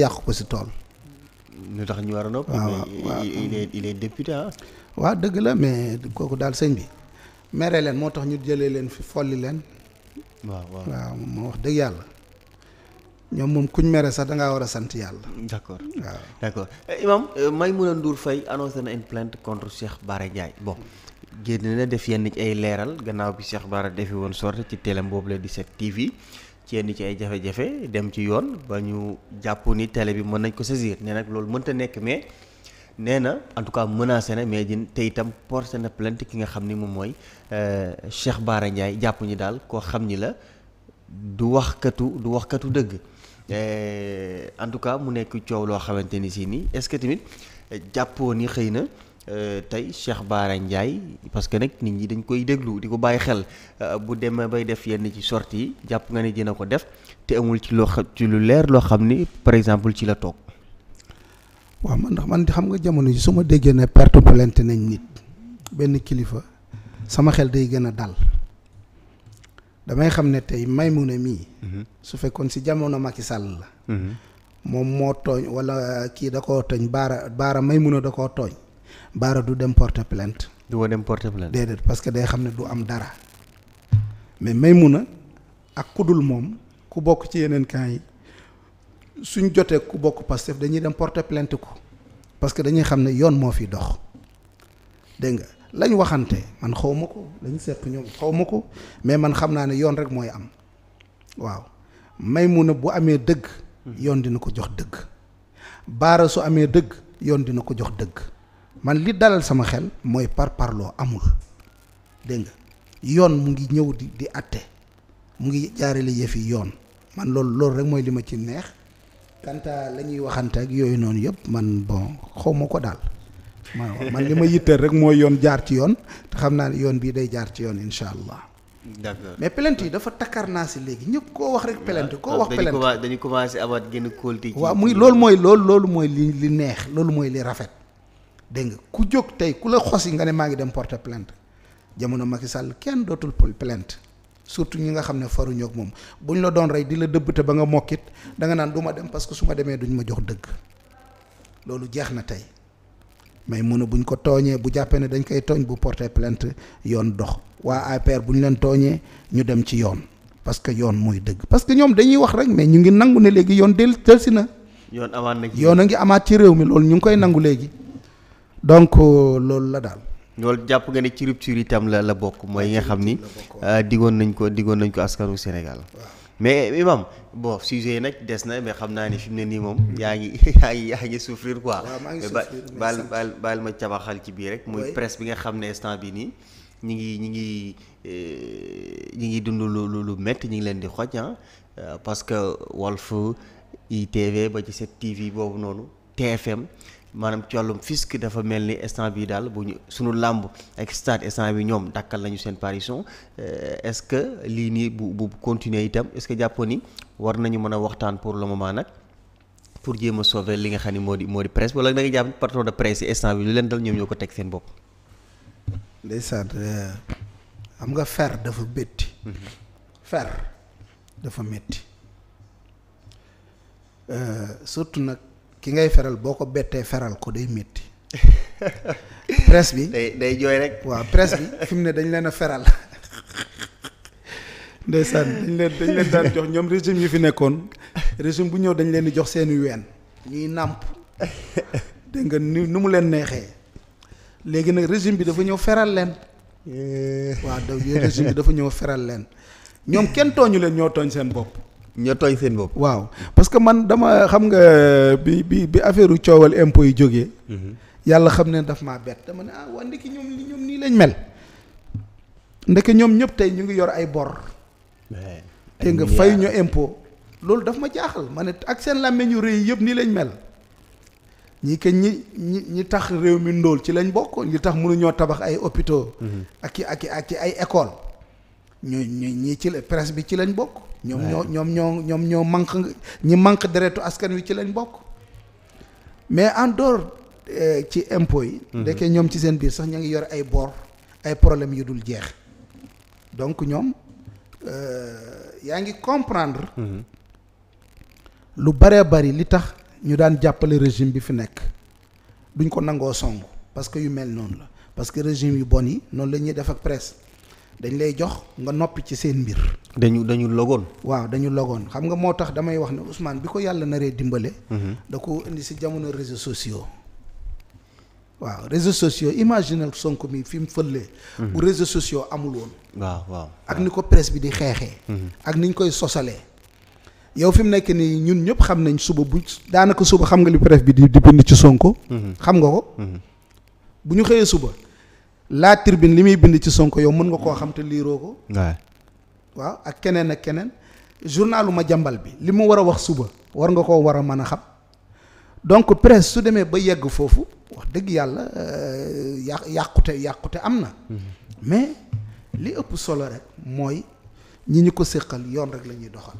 yàqu ko si tool. ñu tax ñu war a nopp. waaw il est il est député dëgg la mais kooku daal sëñ bi. mere leen moo tax ñu jëlee leen fi folli leen. waaw waaw moo wax dëgg yàlla. ñoom moom kuñ mere sax da ngaa war a sant yàlla. d' accord waaw d' accord eh, Imaam euh, Maimouna Ndour na une plainte contre Cheikh Bara Ndiaye bon génn na def yenn ci ay leeral gannaaw bi seex Bara defi woon sorte ci télém boobu la di 17 TV. ci ci ay jafe-jafe dem ci yoon ba ñu jàppoo ni tele bi mën nañ ko saisir nee nag loolu mënta nekk mais nee na en tout cas menacé na mais din te itam porté na plainte ki nga xam ni moom mooy euh, Cheikh Bara Ndiaye jàpp ñi daal koo xam ni la du waxkatu du waxkatu dëgg euh, en tout cas mu nekk coow loo xamante ni si nii est-ce que jàppoo ni xëy Euh, tey Cheikh Bara Ndiaye parce que nag nit ñi dañ koy déglu di ko bàyyi xel euh, bu demee bay def yenn ci sortie yi jàpp nga ne dina ko def te amul ci loo xam ci lu leer loo xam ni par exemple ci la toog. waaw man ndax man xam nga jamono ji su ma déggee ne perte plainte nañ nit benn kilifa sama xel day gën a dal damay xam ne tey may Maimouna mii. Mhm. su fekkoon si jamono Macky sàll la. Mhm. moom moo tooñ wala kii da koo tooñ Baara Baara Maimouna da koo tooñ. baara du dem porter plainte. du ma dem porter plainte. déedéet parce que day xam ne du am dara mais Maymuna ak kudul moom ku bokk ci yeneen camp yi suñ jotee ku bokk Pastef dañuy dem porter plainte ko parce que dañuy xam ne yoon moo fi dox dégg nga lañ waxante man xaw ma ko lañ seq ñoom xaw ma ko mais man xam naa ne yoon rek mooy am waaw may Maymuna bu amee dëgg. Hmm. yoon dina ko jox dëgg. Baara su amee dëgg yoon dina ko jox dëgg. man li dalal sama xel mooy par parloo amul dégg nga yoon mu ngi ñëw di di àtte mu ngi jaarale yëf yi yoon man loolu loolu rek li ma ci neex kanta la ñuy waxante ak yooyu noonu yëpp man bon xaw ma ko daal man li ma yitteel rek mooy yoon jaar ci yoon te xam naa ne yoon bii day jaar ci yoon incha allah. d'accord mais plainte yi dafa takkar naa si léegi ñëpp koo wax rek plainte koo wax plainte dañu dañu commencé amaat génn kóolti. waaw muy loolu mooy loolu loolu mooy li li neex loolu mooy li rafet. dégg nga ku jóg tey ku la xos xosi nga ne maa ngi dem porte plainte jamono Macky sàll kenn dootul plainte surtout ñi nga xam ne faruñoo moom bu ñu la doon rey di la dëbb te ba nga mokkit danga naan du ma dem parce que su ma demee duñ ma jox dëgg loolu jeex na tey mais mun a buñ ko tooñee bu jàppee ne dañ koy tooñ bu porte plainte yoon dox waa APR bu ñu leen tooñee ñu dem ci yoon parce que yoon mooy dëgg parce que ñoom dañuy wax rek mais ñu ngi nangu ne léegi yoon del delsi na yoon amaat na yoon a ngi amaat ci réew mi loolu ñu ngi koy nangu léegi donc euh, loolu la daal. loolu jàpp nga ne ci rupture itam la la bokk mooy yi nga xam ni euh, diggoon nañ ko diggoon nañ ko askanu Sénégal. mais imam bon sujet nag des na mais xam naa ni fi mu ne nii moom hmm. yaa ngi yaa ngi yaa ngi souffrir quoi. baal baal baal ma cabaxal ci biir rek. muy presse bi nga xam ne instant bi nii ñi ngi ñi ngi euh, ñi ngi dund lu lu métti ñi ngi leen di xoj ah parce que Walf ITV ba ci 7TV boobu noonu TFM. maanaam ci wàllum fisc dafa mel ni instant bi daal bu ñu suñu làmb ak stade instant bi ñoom dàkkal nañu seen parution euh, est-ce que lii nii bu bu continuer itam est-ce que jàppoon ni war nañu mën a waxtaan pour le moment nag pour jéem a sauver li nga xam ne moo di moo di presse wala da nga jàpp patron de presse instant bi lu leen dal ñoom ñoo ko teg seen bopp. Euh, nga fer dafa bétti. Mm-hmm. fer dafa métti euh, ki ngay feral boo ko bettee feral ko day métti presse bi. day day jooy rek. waaw presse bi fi mu ne dañ leen a feral. ndeysaan dañ leen leen daan jox ñoom régime yu fi nekkoon régime bu ñëw dañ leen di jox seeni ween ñuy nàmp dégg nga ni nu mu leen neexee léegi nag régime bi dafa ñëw feral leen eh. waaw daw régime bi dafa ñëw feral leen ñoom kenn tooñu leen ñoo tooñ seen bopp ñoo tooñ seen bopp. waaw parce que man dama xam nga bi bi bi affaire coowal impôt yu jógee. Mhm. yàlla xam ne dafa maa bett dama ne ah waa ndekki ñoom ñoom nii lañ mel. ndeke ñoom ñëpp tey ñu ngi yor ay bor. te nga fay ñu impôt. loolu daf ma jaaxal ma ne ak seen làmmeñ yu rëy yëpp nii lañ mel. ñi que ñi ñi ñi tax réew mi ndóol ci lañ bokk ñi tax mënuñoo tabax ay hôpitaux. Mhm. ak i ak ak i ay école ñu ñi ci la presse bi ci lañ bokk. ñoom ñoo ñoom ñoo ñoom ñoo manque ñi manque deretu askan wi ci lañ bokk. mais en dehors euh, ci impôts yi. Mhm. ndekkee ñoom ci seen biir sax ñu ngi yor ay bor ay problèmes yu dul jeex donc ñoom euh, yaa ngi comprendre. Mhm. lu bëree bëri li tax ñu daan jàppale régime bi fi nekk duñ ko nangoo song parce que yu mel noonu la parce que régime yu bon yi noonu la ñuy def ak presse. dañ lay jox nga noppi ci seen mbir. dañu dañu logoon. waaw dañu logoon xam nga moo tax damay wax ne Ousmane bi ko yàlla naree dimbale. Mhm. da ko indi si jamono réseaux sociaux. waaw réseaux sociaux imagine sonk mi fi mu fëllee. Mhm. bu réseaux sociaux amul woon. waaw waaw ak ni ko presse bi di xeexee. Mhm. ak niñ koy sosalee. yow fi mu nekk nii ñun ñëpp xam nañ suba bu daanaka suba xam nga li presse bi di di bind ci Sonko. xam nga ko. bu ñu xëyee suba. la tribune li muy bind ci Sonko yow mën nga koo xam te liiroo ko. waaw ak keneen ak keneen. journalu ma jàmbal bi li mu war a wax suba war nga koo war a mën a xam donc presse su demee ba yegg foofu wax dëgg yàlla euh, yà yàqute yàqute am na. Mm-hmm. mais li ëpp solo rek mooy ñi ñu ko séqal yoon rek la ñuy doxal.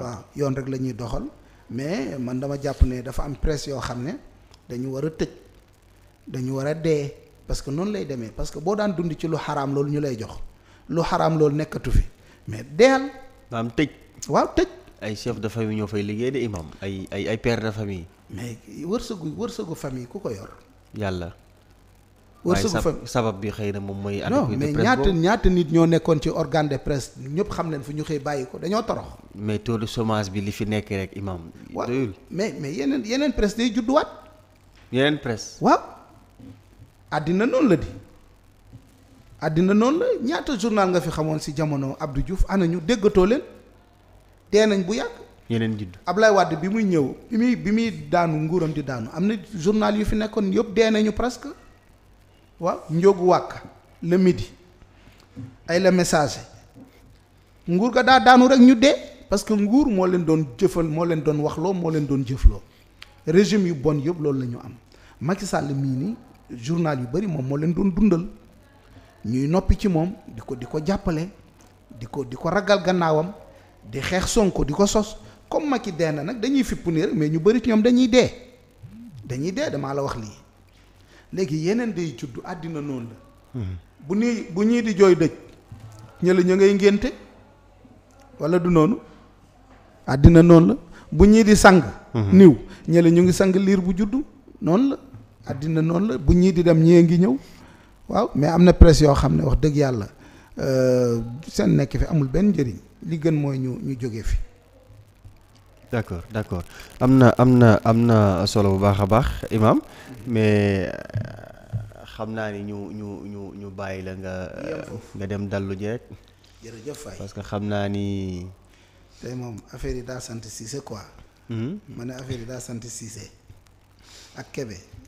waaw yoon rek la ñuy doxal mais man dama jàpp ne dafa am presse yoo xam ne dañu war a tëj dañu war a dee. parce que noonu lay demee parce que boo daan dund ci lu xaraam loolu ñu lay jox lu xaram loolu nekkatu fi mais deyal. maanaam tëj. waaw tëj. ay chef de famille ñoo fay liggéey de imam ay ay ay père de famille. mais wërsëgu wërsëgu famille ku ko yor. yàlla. wërsëgu famille sabab bi xëy na moom mooy. non mais ñaata ñaata nit ñoo nekkoon ci organe de presse ñëpp xam leen fu ñu xëy bàyyi ko dañoo torox. mais taux de bi li fi nekk rek imam. doyul mais mais yeneen yeneen presse day judduwaat. yeneen presse waaw. àddina noonu la di àddina noonu la ñaata journal nga fi xamoon si jamono Abdou Diouf ana ñu déggatoo leen dee nañ bu yàgg. yeneen judd Ablaye Wade bi muy ñëw bi muy bi muy daanu nguuram di daanu am na journal yu fi nekkoon yëpp dee nañu presque waaw njóogu wàkk le midi ay la message nguur ga daa daanu rek ñu dee parce que nguur moo leen doon jëfal moo leen doon waxloo moo leen doon jëfloo régime yu bon yëpp loolu lañu am Macky Sall mii journal yu bari moom moo leen doon dundal ñuy noppi ci moom di ko di ko jàppale di ko di ko ragal gannaawam di xeex Sonko di ko sos comme Macky dee na nag dañuy fippu nii rek mais ñu bëri ci ñoom dañuy dee dañuy dee damaa la wax lii léegi yeneen day juddu àddina noonu la. Hmm. bu nii bu ñii di jooy dëj ñëla ñu ngay ngénte wala du noonu àddina noonu la bu ñii di sang. Hmm. niw ñëla ñu ngi sang liir bu juddu noonu la. àddina noonu la bu ñii di dem ñee ngi ñëw waaw mais am na presse yoo xam ne wax dëgg yàlla euh, seen nekk fi amul benn njëriñ li gën mooy ñu ñu jóge fi. d' accord d' accord am na am na am na solo bu baax a baax Imaam mais euh, xam naa ni ñu ñu ñu ñu bàyyi la nga. nga dem dallu ji rek. parce que xam naa ni. tey moom affaire yi daa sant Cissé quoi. Hmm? ma ne affaire yi daa sant Cissé ak kebe